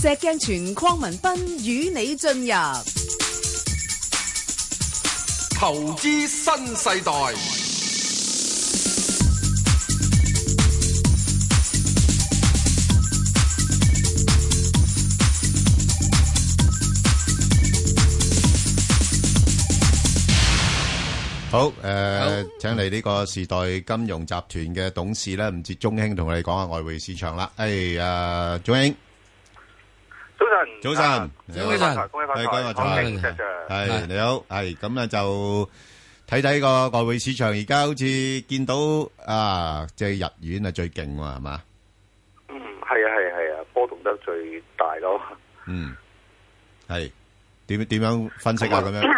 石鏡泉鄺文斌與你進入投資新世代。好誒，請嚟呢個時代金融集團嘅董事咧，吳捷鐘兄同我哋講下外匯市場啦。哎呀，鐘兄。早晨，啊、早晨，早晨。發財，恭喜發財，康係、啊、你好，係咁啊就睇睇個外匯市場，而家好似見到啊，即係日元啊最勁係嘛？嗯，係啊，係啊，係啊，波動得最大咯。嗯，係點點樣分析啊？咁、嗯、樣？誒，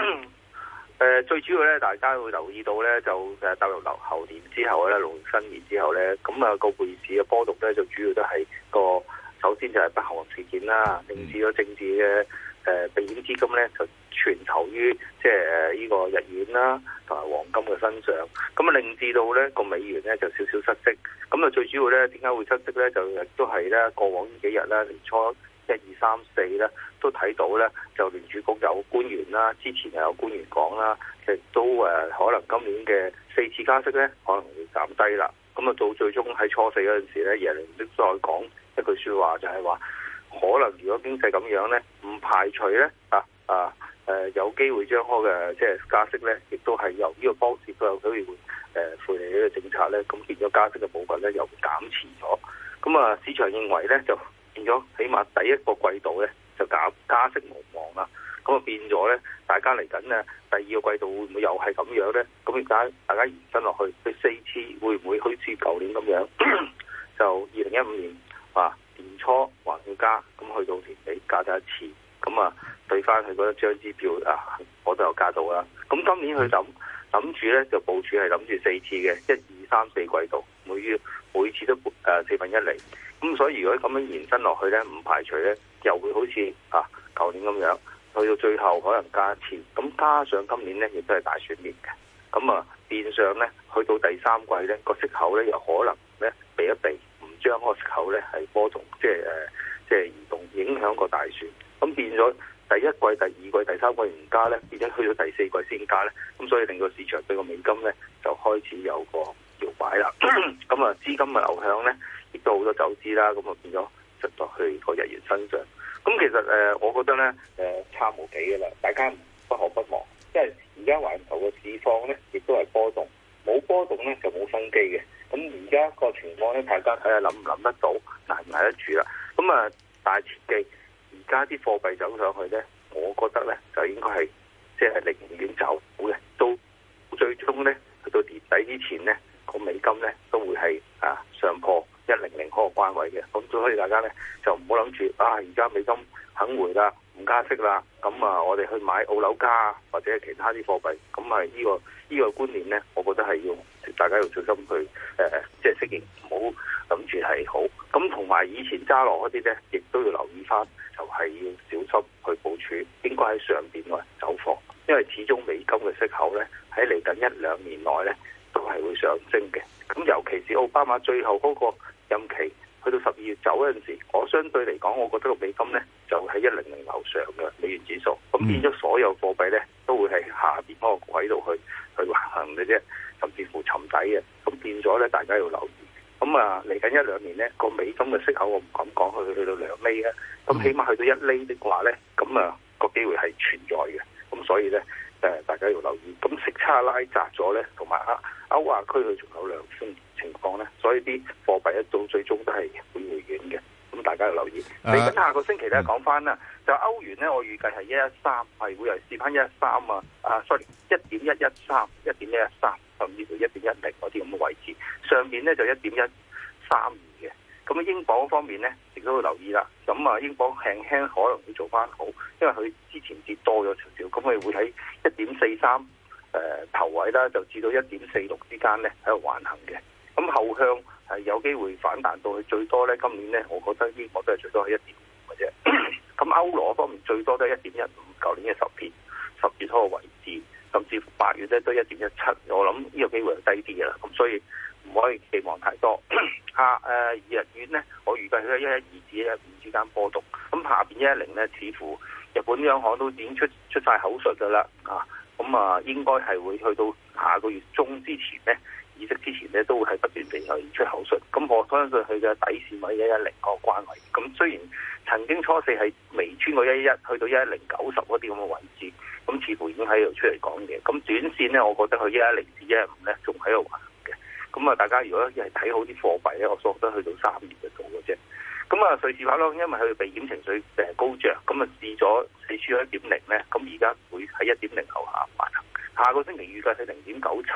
呃、最主要咧，大家會留意到咧，就誒踏入猴年之後咧，農曆新年之後咧，咁啊個匯市嘅波動咧，就、嗯、主要都係個。首先就係不幸事件啦，令至咗政治嘅誒避險資金咧就全投於即係呢個日元啦同埋黃金嘅身上，咁啊令至到咧個美元咧就少少失色，咁啊最主要咧點解會失色咧就都係咧過往呢幾日啦，年初一二三四咧，都睇到咧，就聯儲局有官員啦，之前又有官員講啦，其實都誒，可能今年嘅四次加息咧，可能會減低啦。咁啊，到最終喺初四嗰陣時咧，耶倫即再講一句説話，就係話可能如果經濟咁樣咧，唔排除咧啊啊誒，有機會將開嘅即係加息咧，亦都係由呢個方式都有機會誒負利呢個政策咧，咁變咗加息嘅部分咧，又減持咗。咁啊，市場認為咧就。變咗，起碼第一個季度咧就減加,加息無望啦，咁啊變咗咧，大家嚟緊咧第二個季度會唔會又係咁樣咧？咁而家大家延伸落去，佢四次會唔會好似舊年咁樣？ 就二零一五年啊年初還要加，咁去到年底加咗一次，咁啊兌翻佢嗰一張支票啊，我就加到啦。咁今年佢諗諗住咧就部署係諗住四次嘅，一二三四季度，每月每次都誒、呃、四分一厘。咁所以如果咁樣延伸落去呢，唔排除呢又會好似啊舊年咁樣，去到最後可能加一次。咁加上今年呢亦都係大選年嘅。咁啊，變相呢去到第三季呢，個息口呢又可能呢避一避，唔將個息口呢，係波動，即係誒，即係移動影響個大選。咁變咗第一季、第二季、第三季唔加呢，變咗去到第四季先加呢。咁所以令個市場對個美金呢，就開始有個搖擺啦。咁啊，資金嘅流向呢。跌咗好多走資啦，咁就變咗出咗去個日圓身上。咁其實誒，我覺得咧誒、呃，差冇幾嘅啦。大家不可不忙，因為而家環球嘅市況咧，亦都係波動，冇波動咧就冇生機嘅。咁而家個情況咧，大家睇下諗唔諗得到，捱唔捱得住啦。咁啊，大市嘅而家啲貨幣走上去咧。加或者其他啲貨幣，咁係呢個呢個觀念呢，我覺得係要大家要小心去誒、呃，即係適應，唔好諗住係好。咁同埋以前揸落嗰啲呢，亦都要留意翻，就係、是、要小心去部署，應該喺上邊啊走貨，因為始終美金嘅息口呢，喺嚟緊一兩年內呢，都係會上升嘅。咁尤其是奧巴馬最後嗰個任期，去到十二月走嗰陣時。我相對嚟講，我覺得個美金咧就喺一零零樓上嘅美元指數，咁變咗所有貨幣咧都會係下邊嗰個軌度去去橫行嘅啫，甚至乎沉底嘅，咁變咗咧大家要留意，咁啊嚟緊一兩年咧個美金嘅息口，我唔敢講佢去去到兩厘啊，咁起碼去到一厘的話咧，留意，你等、uh, 下個星期咧講翻啦，就歐元咧，我預計係一三係會係試翻一三啊，啊，sorry 一點一一三、一點一一三甚至乎一點一零嗰啲咁嘅位置，上面咧就一點一三二嘅。咁英鎊方面咧亦都會留意啦。咁啊，英鎊輕輕可能會做翻好，因為佢之前跌多咗少少。咁佢會喺一點四三誒頭位啦，就至到一點四六之間咧喺度橫行嘅。咁後向係有機會反彈到去最多咧，今年咧，我覺得呢個都係最多係一點五嘅啫。咁 歐羅方面最多都係一點一五，舊年嘅十月，十月初個位置，甚至乎八月咧都一點一七。我諗呢個機會係低啲嘅啦，咁所以唔可以期望太多。 下誒日元呢，我預計喺一一二至一一五之間波動。咁下邊一一零呢，似乎日本央行都已經出，出晒口述噶啦啊，咁啊應該係會去到下個月中之前呢，意識之前咧，都會係不斷地去出口術。咁我相信佢嘅底線喺一一零個關位。咁雖然曾經初四係未穿過一一，去到一一零九十嗰啲咁嘅位置，咁似乎已經喺度出嚟講嘢。咁短線咧，我覺得佢一一零至一一五咧，仲喺度行嘅。咁啊，大家如果係睇好啲貨幣咧，我覺得去到三月就到嘅啫。咁啊，瑞士法郎因為佢避險情緒誒高漲，咁啊試咗四處一點零咧，咁而家會喺一點零後下滑。下個星期預計係零點九七。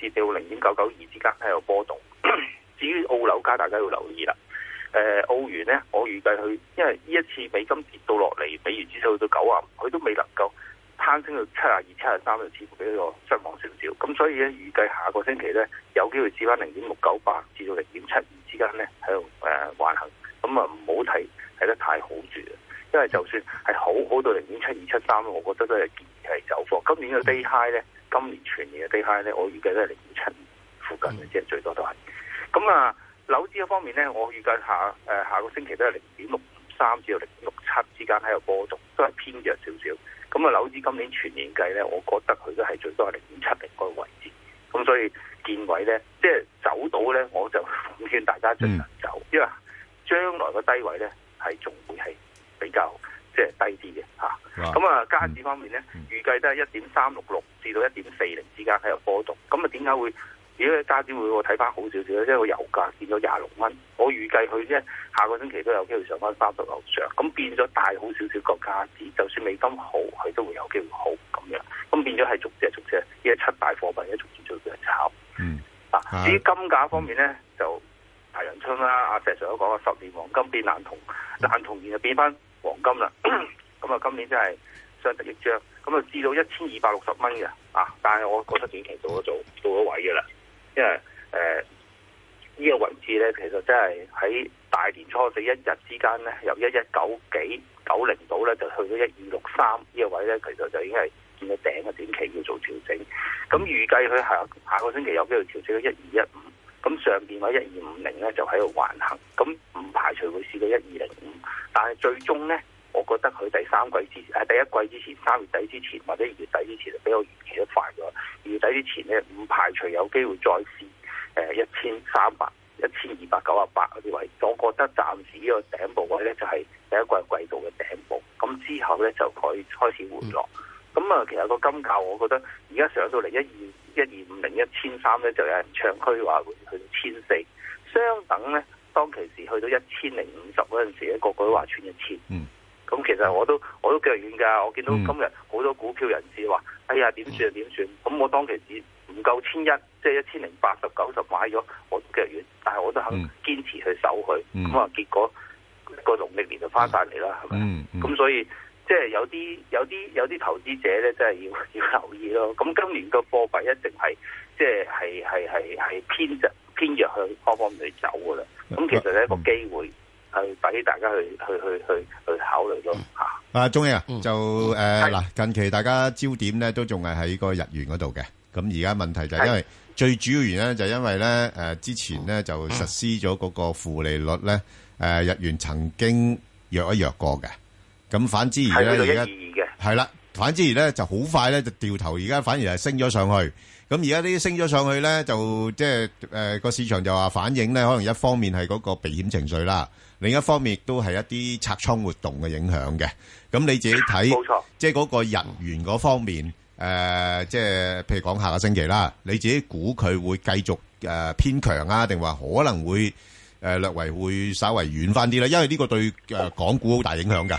至到零點九九二之間喺度波動，至於澳樓價大家要留意啦。誒、呃，澳元咧，我預計佢，因為呢一次美金跌到落嚟，美元指數去到九啊五，佢都未能夠攀升到七啊二、七啊三，就似乎俾一個失望少少。咁所以咧，預計下個星期咧，有機會至翻零點六九八至到零點七二之間咧喺度誒橫行。咁啊，唔好睇，睇得太好住，因為就算係好好到零點七二七三，我覺得都係建議係走貨。今年嘅 day high 咧。今年全年嘅低限咧，我預計都係零點七附近嘅，即係最多都係。咁啊，紐紙方面咧，我預計下誒、呃、下個星期都係零點六五三至到零點六七之間喺度波動，都係偏弱少少。咁啊，紐紙今年全年計咧，我覺得佢都係最多係零點七嘅個位置。咁所以見位咧，即係走到咧，我就奉勸大家盡量走，嗯、因為將來個低位咧係仲會係比較即係低啲嘅吓。咁啊哇，加紙方面咧，嗯嗯、預計都係一點三六六，至到一點四零之間喺度波動，咁啊點解會？如果家資會，我睇翻好少少咧，即係個油價變咗廿六蚊，我預計佢即係下個星期都有機會上翻三十樓上，咁變咗大好少少個價錢，就算美金好，佢都會有機會好咁樣，咁變咗係逐隻逐隻，呢家七大貨幣一逐隻逐會炒。嗯，啊，至於金價方面咧，嗯、就大陽春啦。阿石上咗講啊，十年黃金變爛銅，爛銅現又變翻黃金啦。咁啊， 今年真係相得益彰。我知道一千二百六十蚊嘅啊，但係我覺得短期做咗做到咗位嘅啦，因為誒呢、呃呢個位置呢，其實真係喺大年初四一日之間呢，由一一九幾九零到呢，就去到一二六三呢個位呢，其實就已經係見到頂嘅，短期要做調整。咁預計佢下下個星期有機會調整到一二一五，咁上邊話一二五零呢，就喺度橫行，咁唔排除會試到一二零五，但係最終呢。我覺得佢第三季之前，誒第一季之前三月底之前或者二月底之前就比較預期得快咗。二月底之前咧唔排除有機會再試誒一千三百、一千二百九啊八嗰啲位。我覺得暫時呢個頂部位咧就係第一季季度嘅頂部。咁之後咧就可以開始回落。咁啊，其實個金價我覺得而家上到嚟一二一二五零一千三咧就有人唱區話會去到千四，相等咧當其時去到一千零五十嗰陣時咧個個都話串一千。咁、嗯、其實我都我都腳軟㗎，我見到今日好多股票人士話，哎呀點算就點算。咁、嗯嗯、我當其時唔夠千一，即係一千零八十九十買咗，我腳軟。但係我都肯堅持去守佢。咁啊、嗯，嗯、結果、那個農曆年就翻晒嚟啦，係咪？咁、嗯嗯、所以即係、就是、有啲有啲有啲投資者咧，真、就、係、是、要要留意咯。咁今年個貨幣一定係即係係係係偏弱偏弱去幫幫佢走㗎啦。咁其實係一、那個機會。嗯去俾大家去去去去去考慮咯嚇。啊，鐘英啊，就誒嗱，近期大家焦點咧都仲係喺個日元嗰度嘅。咁而家問題就係因為最主要原因就係因為咧誒之前咧就實施咗嗰個負利率咧誒日元曾經弱一弱過嘅。咁反之而咧而家係到一二二嘅。係啦，反之而咧就好快咧就掉頭，而家反而係升咗上去。咁而家呢啲升咗上去咧就即係誒個市場就話反映咧，可能一方面係嗰個避險情緒啦。另一方面，亦都係一啲拆倉活動嘅影響嘅。咁你自己睇，冇錯，即係嗰個人員嗰方面，誒，即係譬如講下個星期啦，你自己估佢會繼續誒偏強啊，定話可能會誒略為會稍為軟翻啲咧？因為呢個對誒港股好大影響㗎。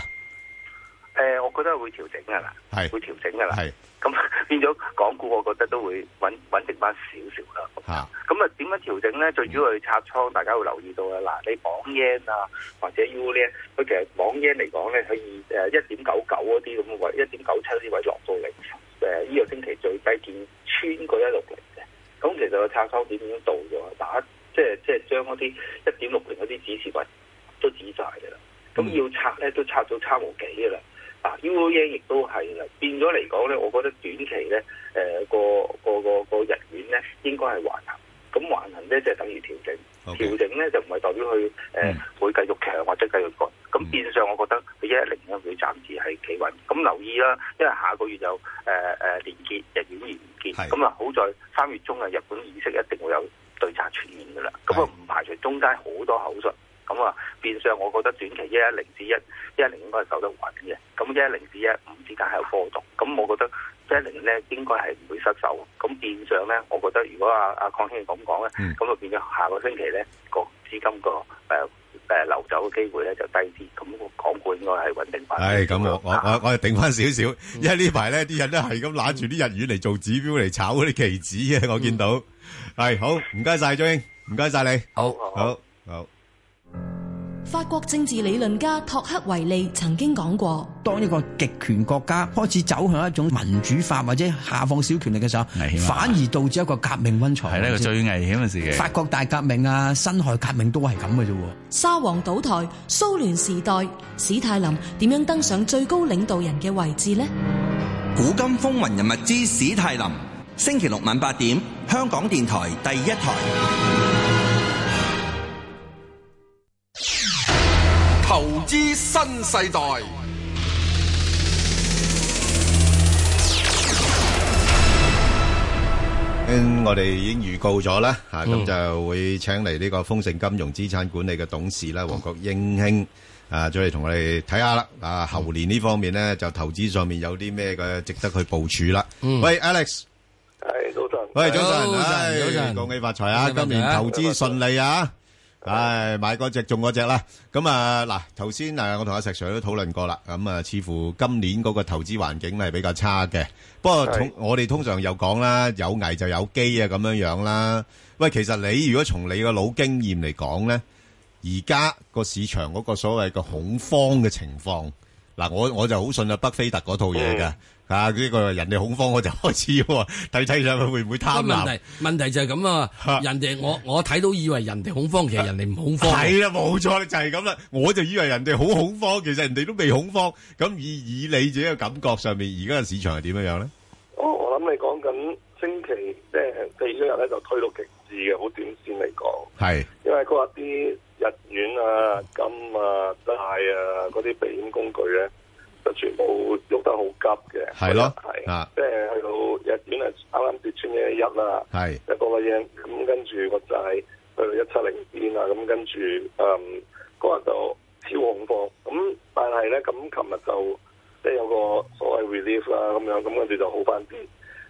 是會調整噶啦，係會調整噶啦，係咁 變咗港股，我覺得都會穩穩定翻少少啦。咁啊是，點樣調整咧？嗯、最主要係拆倉，大家會留意到啊。嗱，你鎊 yen 啊，或者 U 咧，佢其實鎊 yen 嚟講咧，佢以誒一點九九嗰啲咁嘅位，一點九七呢位落到嚟誒，呢個星期最低見穿過一六零嘅。咁其實個拆倉點已經到咗，打即係即係將嗰啲一點六零嗰啲指示位都指晒噶啦。咁要拆咧，都拆到差無幾噶啦。嗱，UOY 亦都係啦，變咗嚟講咧，我覺得短期咧，誒個個個個日元咧應該係橫行，咁橫行咧就係、等於調整，Okay. 調整咧就唔係代表佢誒、呃嗯、會繼續強或者繼續降，咁變相我覺得佢、嗯、一一零咧會暫時係企穩。咁留意啦，因為下個月有誒誒連結日元連結，咁啊是好在三月中啊，日本意識一定會有對策出現噶啦，咁啊唔排除中間好多口術。咁啊，變相我覺得短期一零至一一零應該係受得穩嘅。咁一一零至一五之間係有波動，咁我覺得一一零咧應該係唔會失手。咁變相咧，我覺得如果阿阿康兄咁講咧，咁就變咗下個星期咧個資金個誒誒流走嘅機會咧就低啲。咁個港股應該係穩定翻。咁、哎，我我我我又頂翻少少，因為呢排咧啲人都係咁攬住啲日元嚟做指標嚟炒啲期指。啊，我見到係好唔該晒張英，唔該晒你，好好好。Ut il ising 法國政治理論家托克維利曾經講過，當一個極權國家開始走向一種民主化或者下放小權力嘅時候，危險啊、反而導致一個革命温床。係呢個最危險嘅事。法國大革命啊，辛亥革命都係咁嘅啫。沙皇倒台，蘇聯時代，史泰林點樣登上最高領導人嘅位置呢？古今風雲人物之史泰林，星期六晚八點，香港電台第一台。之新世代，咁我哋已經預告咗啦，吓，咁就會請嚟呢個豐盛金融資產管理嘅董事啦，黃國英兄啊，再嚟同我哋睇下啦，啊，猴年呢方面呢就投資上面有啲咩嘅值得去部署啦。嗯，喂，Alex，係早晨，喂早晨，早晨，祝你恭喜發財啊，今年投資順利啊！唉，買嗰隻中嗰隻啦。咁、嗯、啊，嗱，頭先啊，我同阿石 Sir 都討論過啦。咁、嗯、啊，似乎今年嗰個投資環境係比較差嘅。不過，的我哋通常又講啦，有危就有機啊，咁、就是、樣樣啦。喂，其實你如果從你個老經驗嚟講呢，而家個市場嗰個所謂個恐慌嘅情況。嗱，我我就好信啊，巴菲特嗰套嘢噶，嗯、啊呢，這個人哋恐慌我就開始，睇睇上去會唔會貪婪？問題就係咁啊，啊人哋我我睇到以為人哋恐慌，其實人哋唔恐慌。係啦，冇錯就係咁啦，我就以為人哋好恐慌，其實人哋都未恐慌。咁以以你自己嘅感覺上面，而家嘅市場係點樣樣咧？哦，我諗你講緊星期即係地日咧就推到極致嘅，好短線嚟講。係是，因為佢話啲。日元啊、金啊、帶啊嗰啲避險工具咧，就全部用得好急嘅。係咯的，係，啊、即係、啊、的去到日元啊，啱啱跌穿一一一啦，係、嗯，一個嘢咁跟住我仔去到一七零邊啊，咁跟住嗯嗰日就超恐慌，咁但係咧咁琴日就即係有個所謂 relief 啦、啊，咁樣咁跟住就好翻啲。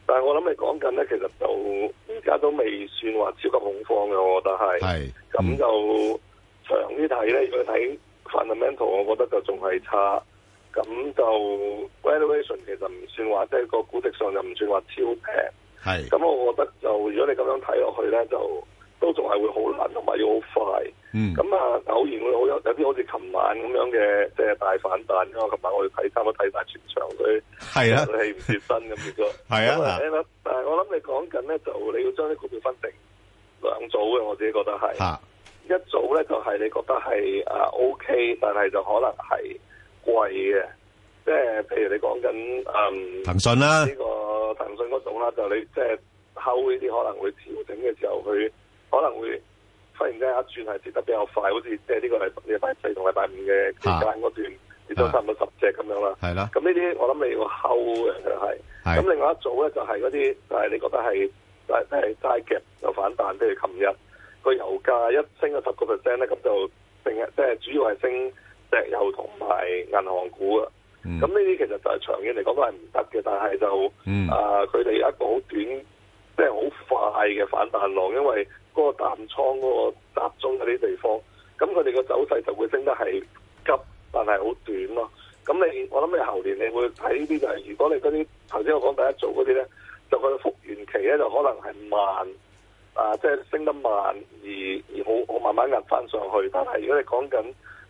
但係我諗你講緊咧，其實就依家都未算話超級恐慌嘅，我覺得係。係的，咁就、嗯。長啲睇咧，如果睇 fundamental，我，是我覺得就仲係差。咁就 valuation 其實唔算話，即係個估值上就唔算話超平。係咁，我覺得就如果你咁樣睇落去咧，就都仲係會好難，同埋要好快。嗯。咁啊，偶然會好有有啲好似琴晚咁樣嘅，即、就、係、是、大反彈。因為琴晚我哋睇差唔多睇晒全場，佢係啊，佢係唔貼身咁嘅結果，係 啊。為喇但係，我諗你講緊咧，就你要將啲股票分成兩組嘅，我自己覺得係。啊。 一組咧就係、是、你覺得係啊 O、OK, K，但係就可能係貴嘅，即係譬如你講緊嗯騰訊啦、啊，呢、這個騰訊嗰種啦，就是、你即係睺呢啲可能會調整嘅時候，佢可能會忽然之間一轉係跌得比較快，好似即係呢個係禮拜四同禮拜五嘅期間嗰段跌都差唔多十隻咁樣啦。係啦的，咁呢啲我諗你要睺嘅就係、是，咁的另外一組咧就係嗰啲就係、是、你覺得係即係即係齋夾又反彈，譬如琴日。個油價一升咗十個 percent 咧，咁就升，即係主要係升石油同埋銀行股啊。咁呢啲其實就係長遠嚟講都係唔得嘅，但係就、嗯、啊，佢哋有一個好短，即係好快嘅反彈浪，因為嗰個淡倉嗰個集中嗰啲地方，咁佢哋個走勢就會升得係急，但係好短咯。咁你我諗你後年你會睇呢啲就係、係，如果你嗰啲頭先我講第一組嗰啲咧，就佢復原期咧就可能係慢。啊，即係升得慢，而而我我慢慢壓翻上去。但係如果你講緊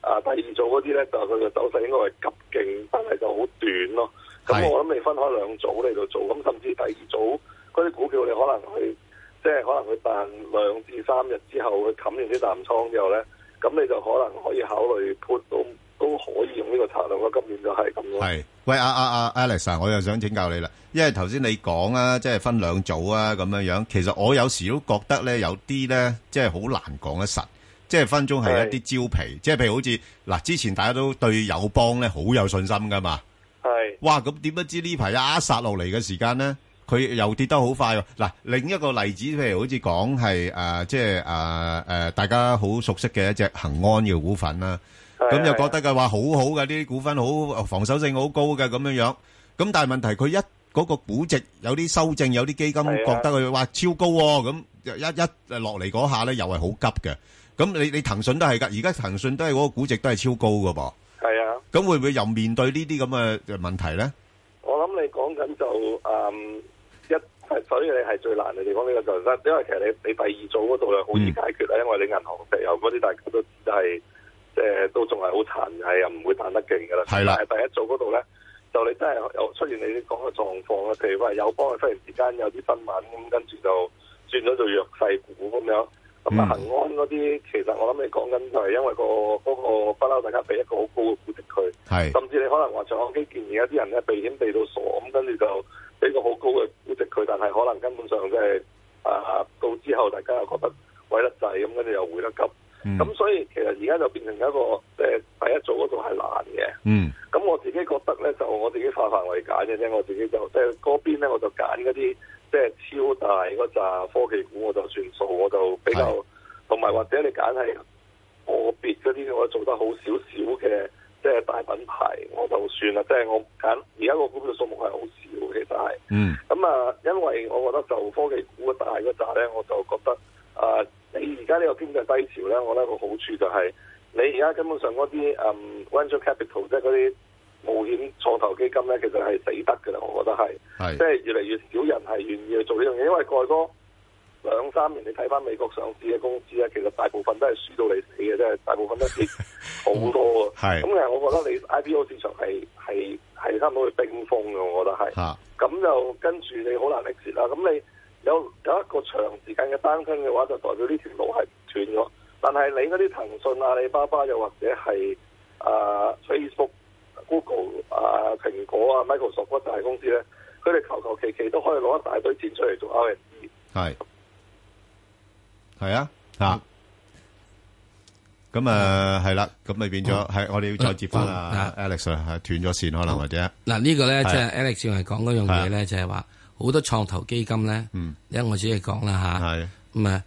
啊第二組嗰啲咧，就佢嘅走勢應該係急勁，但係就好短咯，哦。咁的我諗你分開兩組嚟度做。咁、嗯、甚至第二組嗰啲股票，你可能去即係可能去彈兩至三日之後，去冚完啲淡倉之後咧，咁你就可能可以考慮 put 到。都可以用呢個策略啦，今年就係咁咯。係，喂阿阿阿 Alex 啊，我又想請教你啦，因為頭先你講啊，即係分兩組啊，咁樣樣。其實我有時都覺得咧，有啲咧，即係好難講得實，即係分鐘係一啲焦皮。即係譬如好似嗱，之前大家都對友邦咧好有信心噶嘛。係。哇，咁點不知呢排一殺落嚟嘅時間咧，佢又跌得好快喎。嗱，另一個例子，譬如好似講係誒，即係誒誒，大家好熟悉嘅一隻恒安嘅股份啦。咁又覺得佢話好好嘅呢啲股份好防守性好高嘅，咁樣樣，咁但係問題佢一嗰個估值有啲修正，有啲基金覺得佢話超高咁，一一落嚟嗰下咧又係好急嘅。咁你你騰訊都係噶而家騰訊都係嗰個估值都係超高噶噃。係啊，咁會唔會又面對呢啲咁嘅問題咧？我諗你講緊就誒一，所以你係最難嘅地方呢個就係，因為其實你你第二組嗰度咧好易解決啦，因為你銀行石油嗰啲大家都係。即係都仲係好殘，係又唔會彈得勁嘅啦。係啦，但係第一組嗰度咧，就你真係有出現你啲講嘅狀況啦。譬如話有幫佢忽然之間有啲新聞咁，跟住就轉咗做弱勢股咁樣。咁啊、嗯，恒安嗰啲其實我諗你講緊就係因為個嗰、那個不嬲，大家俾一個好高嘅估值佢。係是，甚至你可能話長江基建，而家啲人咧避險避到傻，咁跟住就俾個好高嘅估值佢，但係可能根本上即、就、係、是、啊，到之後大家又覺得貴得滯，咁、嗯、跟住又回得急。咁、嗯、所以其實而家就變成一個，即、呃、係第一組嗰度係難嘅。嗯。咁我自己覺得咧，就我自己化繁為簡嘅啫。我自己就即係嗰邊咧，我就揀嗰啲即係超大嗰扎科技股，我就算數，我就比較。同埋、嗯、或者你揀係個別嗰啲，我做得好少少嘅，即係大品牌，我就算啦。即、就、係、是、我揀而家個股票數目係好少，其實係。嗯。咁啊，因為我覺得就科技股大嗰扎咧，我就覺得啊。呃你而家呢個經濟低潮咧，我覺得個好處就係你而家根本上嗰啲嗯 venture capital 即係嗰啲冒險創投基金咧，其實係死得嘅啦，我覺得係，是即係越嚟越少人係願意去做呢樣嘢，因為過去多兩三年你睇返美國上市嘅公司咧，其實大部分都係輸到你死嘅，即係大部分都跌好多嘅。咁 是、嗯、但係我覺得你 IPO 市場係係係差唔多係冰封嘅，我覺得係。咁、啊、 就跟住你好難逆轉啦。咁你有。有一個長時間嘅單傾嘅話，就代表呢條路係斷咗。但係你嗰啲騰訊、阿里巴巴，又或者係啊 Facebook、Google 啊、蘋果啊、Microsoft、大公司咧，佢哋求求其其都可以攞一大堆錢出嚟做 R&D。係係啊，嚇。咁啊，係啦，咁咪變咗係我哋要再接翻啊，Alex，係斷咗線可能或者。嗱呢個咧，即係 Alex 用嚟講嗰樣嘢咧，就係話。好多創投基金咧，因為我只係講啦嚇，咁啊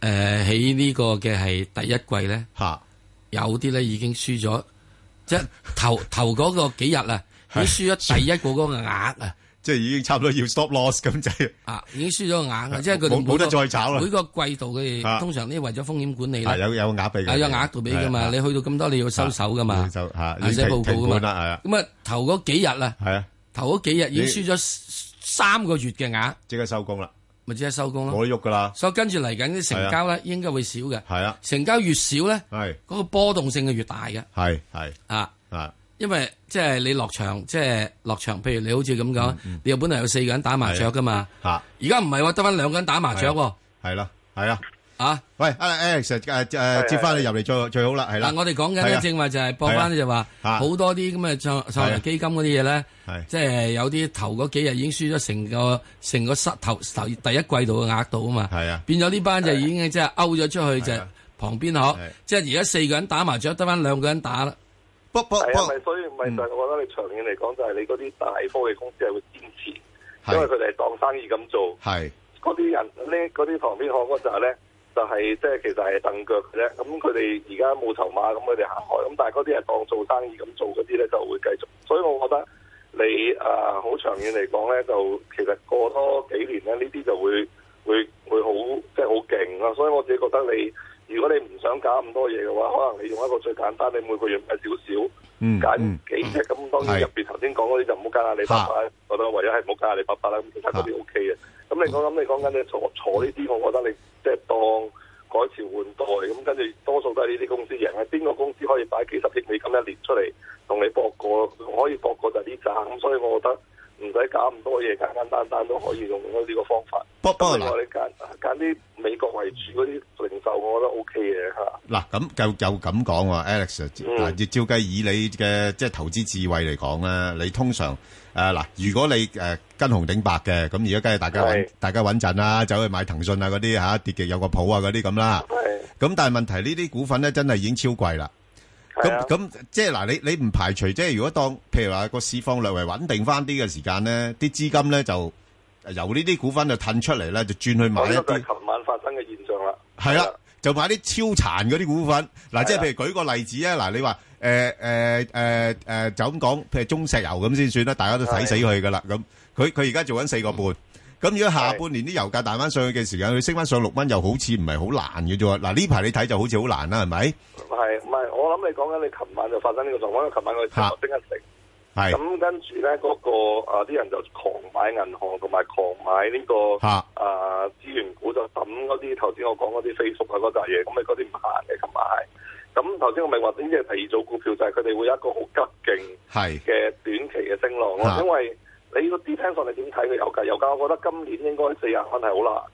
誒喺呢個嘅係第一季咧，有啲咧已經輸咗，即係頭頭嗰個幾日啊，已經輸咗第一個嗰個額啊，即係已經差唔多要 stop loss 咁滯啊，已經輸咗個額啊，即係佢冇得再炒啦。每個季度嘅通常呢為咗風險管理有有額俾嘅，有額度俾噶嘛，你去到咁多你要收手噶嘛，收啊，要停停半啊，咁啊頭嗰幾日啊，係啊，頭嗰幾日已經輸咗。三個月嘅額，即刻收工啦，咪即刻收工咯，冇得喐噶啦。所以跟住嚟緊啲成交咧，應該會少嘅。係啊，成交越少咧，係嗰個波動性係越大嘅。係係啊啊，因為即係你落場，即係落場，譬如你好似咁講，你本嚟有四個人打麻雀噶嘛，嚇，而家唔係話，得翻兩個人打麻雀喎，係咯，係啊。啊喂！誒誒，Alex，接翻你入嚟最最好啦，係啦。嗱，我哋講緊呢，正話就係播翻就話好多啲咁嘅創創業基金嗰啲嘢咧，即係有啲頭嗰幾日已經輸咗成個成個失頭第一季度嘅額度啊嘛。係啊，變咗呢班就已經即係勾咗出去就旁邊可，即係而家四個人打麻雀得翻兩個人打啦。不不所以咪就係我覺得你長遠嚟講就係你嗰啲大科技公司係會堅持，因為佢哋係當生意咁做。係，嗰啲人呢，嗰啲旁邊可嗰陣咧。就係即係其實係蹬腳嘅啫，咁佢哋而家冇籌碼，咁佢哋行開，咁但係嗰啲係當做生意咁做嗰啲咧，就會繼續。所以我覺得你啊，好、呃、長遠嚟講咧，就其實過多幾年咧，呢啲就會會會好即係好勁啊！所以我自己覺得你，如果你唔想搞咁多嘢嘅話，可能你用一個最簡單，你每個月買少少，嗯，加幾隻咁，當然入邊頭先講嗰啲就唔好加阿里巴巴，發我覺得唯一係唔好加阿里巴巴啦，咁其他嗰啲 OK 嘅。咁發你講咁，你講緊你坐坐呢啲，我覺得你。即係當改朝換代咁，跟住多數都係呢啲公司贏。係邊個公司可以擺幾十億美金一年出嚟同你博過？可以博過就係呢紮。咁所以我覺得。唔使搞咁多嘢，簡簡單單都可以用到呢個方法。不過你揀揀啲美國為主嗰啲零售，我覺得 O K 嘅吓。嗱，咁就就咁講，Alex，嗱，照計以你嘅即係投資智慧嚟講咧，你通常誒嗱，如果你誒跟紅頂白嘅，咁而家梗係大家大家穩陣啦，走去買騰訊啊嗰啲吓跌極有個譜啊嗰啲咁啦。係。咁但係問題呢啲股份咧，真係已經超貴啦。咁咁即係嗱，你你唔排除即係如果當譬如話個市況略為穩定翻啲嘅時間咧，啲資金咧就由呢啲股份就褪出嚟啦，就轉去買一啲琴晚發生嘅現象啦。係啊，就買啲超殘嗰啲股份。嗱，即係譬如舉個例子啊，嗱，你話誒誒誒誒，就咁講，譬如中石油咁先算啦，大家都睇死佢噶啦，咁佢佢而家做緊四個半。咁如果下半年啲油價大翻上去嘅時間，佢升翻上六蚊又好似唔係好難嘅啫。嗱，呢排你睇就好似好難啦，係咪？係，唔係我諗你講緊你琴晚就發生呢個狀況。因為琴晚佢升一成，係咁是跟住咧嗰個誒啲，呃、人就狂買銀行同埋狂買呢、這個啊資是、呃、源股就，就抌嗰啲頭先我講嗰啲 Facebook 啊嗰扎嘢，咁你嗰啲唔行嘅。琴晚係咁，頭先我咪話呢啲係第二組股票，就係佢哋會有一個好急勁係嘅短期嘅升浪咯，是因為。你個啲聽上你點睇個油價？油價，我覺得今年應該四十蚊係好難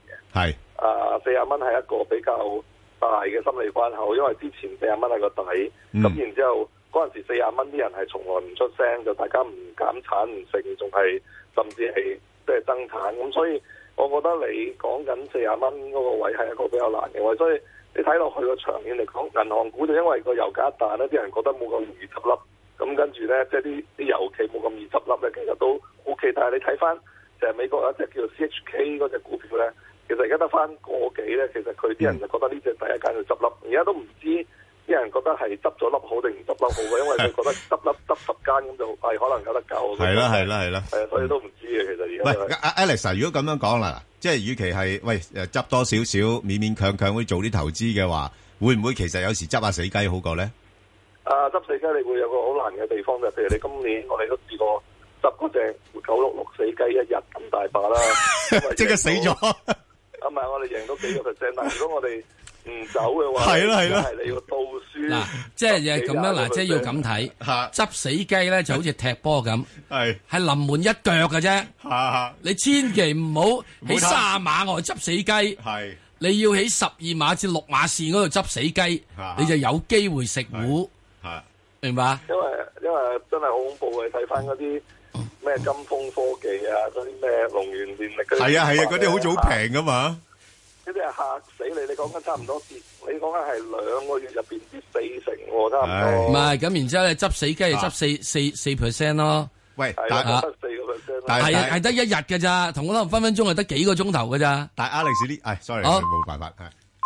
嘅。係啊是，四十蚊係一個比較大嘅心理關口，因為之前四十蚊係個底。咁、嗯、然之後嗰陣時四十蚊啲人係從來唔出聲，就大家唔減產唔成，仲係甚至係即係增產。咁所以，我覺得你講緊四十蚊嗰個位係一個比較難嘅位。所以你睇落去個長遠嚟講，銀行股就因為個油價一彈咧，啲人覺得冇咁容易執笠。咁跟住咧，即係啲啲油企冇咁易執笠咧，其實都 O K。但係你睇翻，就係、是、美國有一隻叫 C H K 嗰隻股票咧，其實而家得翻個幾咧，其實佢啲人就覺得呢隻第一間就執笠，而家、嗯、都唔知啲人覺得係執咗笠好定唔執笠好嘅，因為佢覺得執笠執十間咁就係可能有得救。係啦 實，係啦，係啦。係啊的的，所以都唔知嘅其實而家喂。喂，Alex，如果咁樣講啦，即係與其係喂誒執多少少勉勉強強去做啲投資嘅話，會唔會其實有時執下死雞好過咧？啊！執死雞，你會有個好難嘅地方，就譬如你今年我哋都試過執嗰隻九六六死雞一日咁大把啦，即刻死咗咁咪我哋贏咗幾個 percent，但係如果我哋唔走嘅話，係咯係咯，係你要倒輸嗱，即係就係咁樣嗱，即係要咁睇執死雞咧，就好似踢波咁，係係臨門一腳嘅啫，你千祈唔好喺卅碼外執死雞，係你要喺十二碼至六碼線嗰度執死雞，你就有機會食糊。係明白，因為，因為真係好恐怖嘅，睇翻嗰啲咩金風科技啊，嗰啲咩龍源電力。係啊係啊，嗰啲好似好平噶嘛，嗰啲係吓死你！你講緊差唔多跌，你講緊係兩個月入邊跌四成，差唔多。唔係，咁然之後咧執死雞係執四四四 percent 咯。喂，大家，係得一日嘅咋，同我諗分分鐘係得幾個鐘頭嘅咋。但係利是少啲，係 sorry，冇辦法係。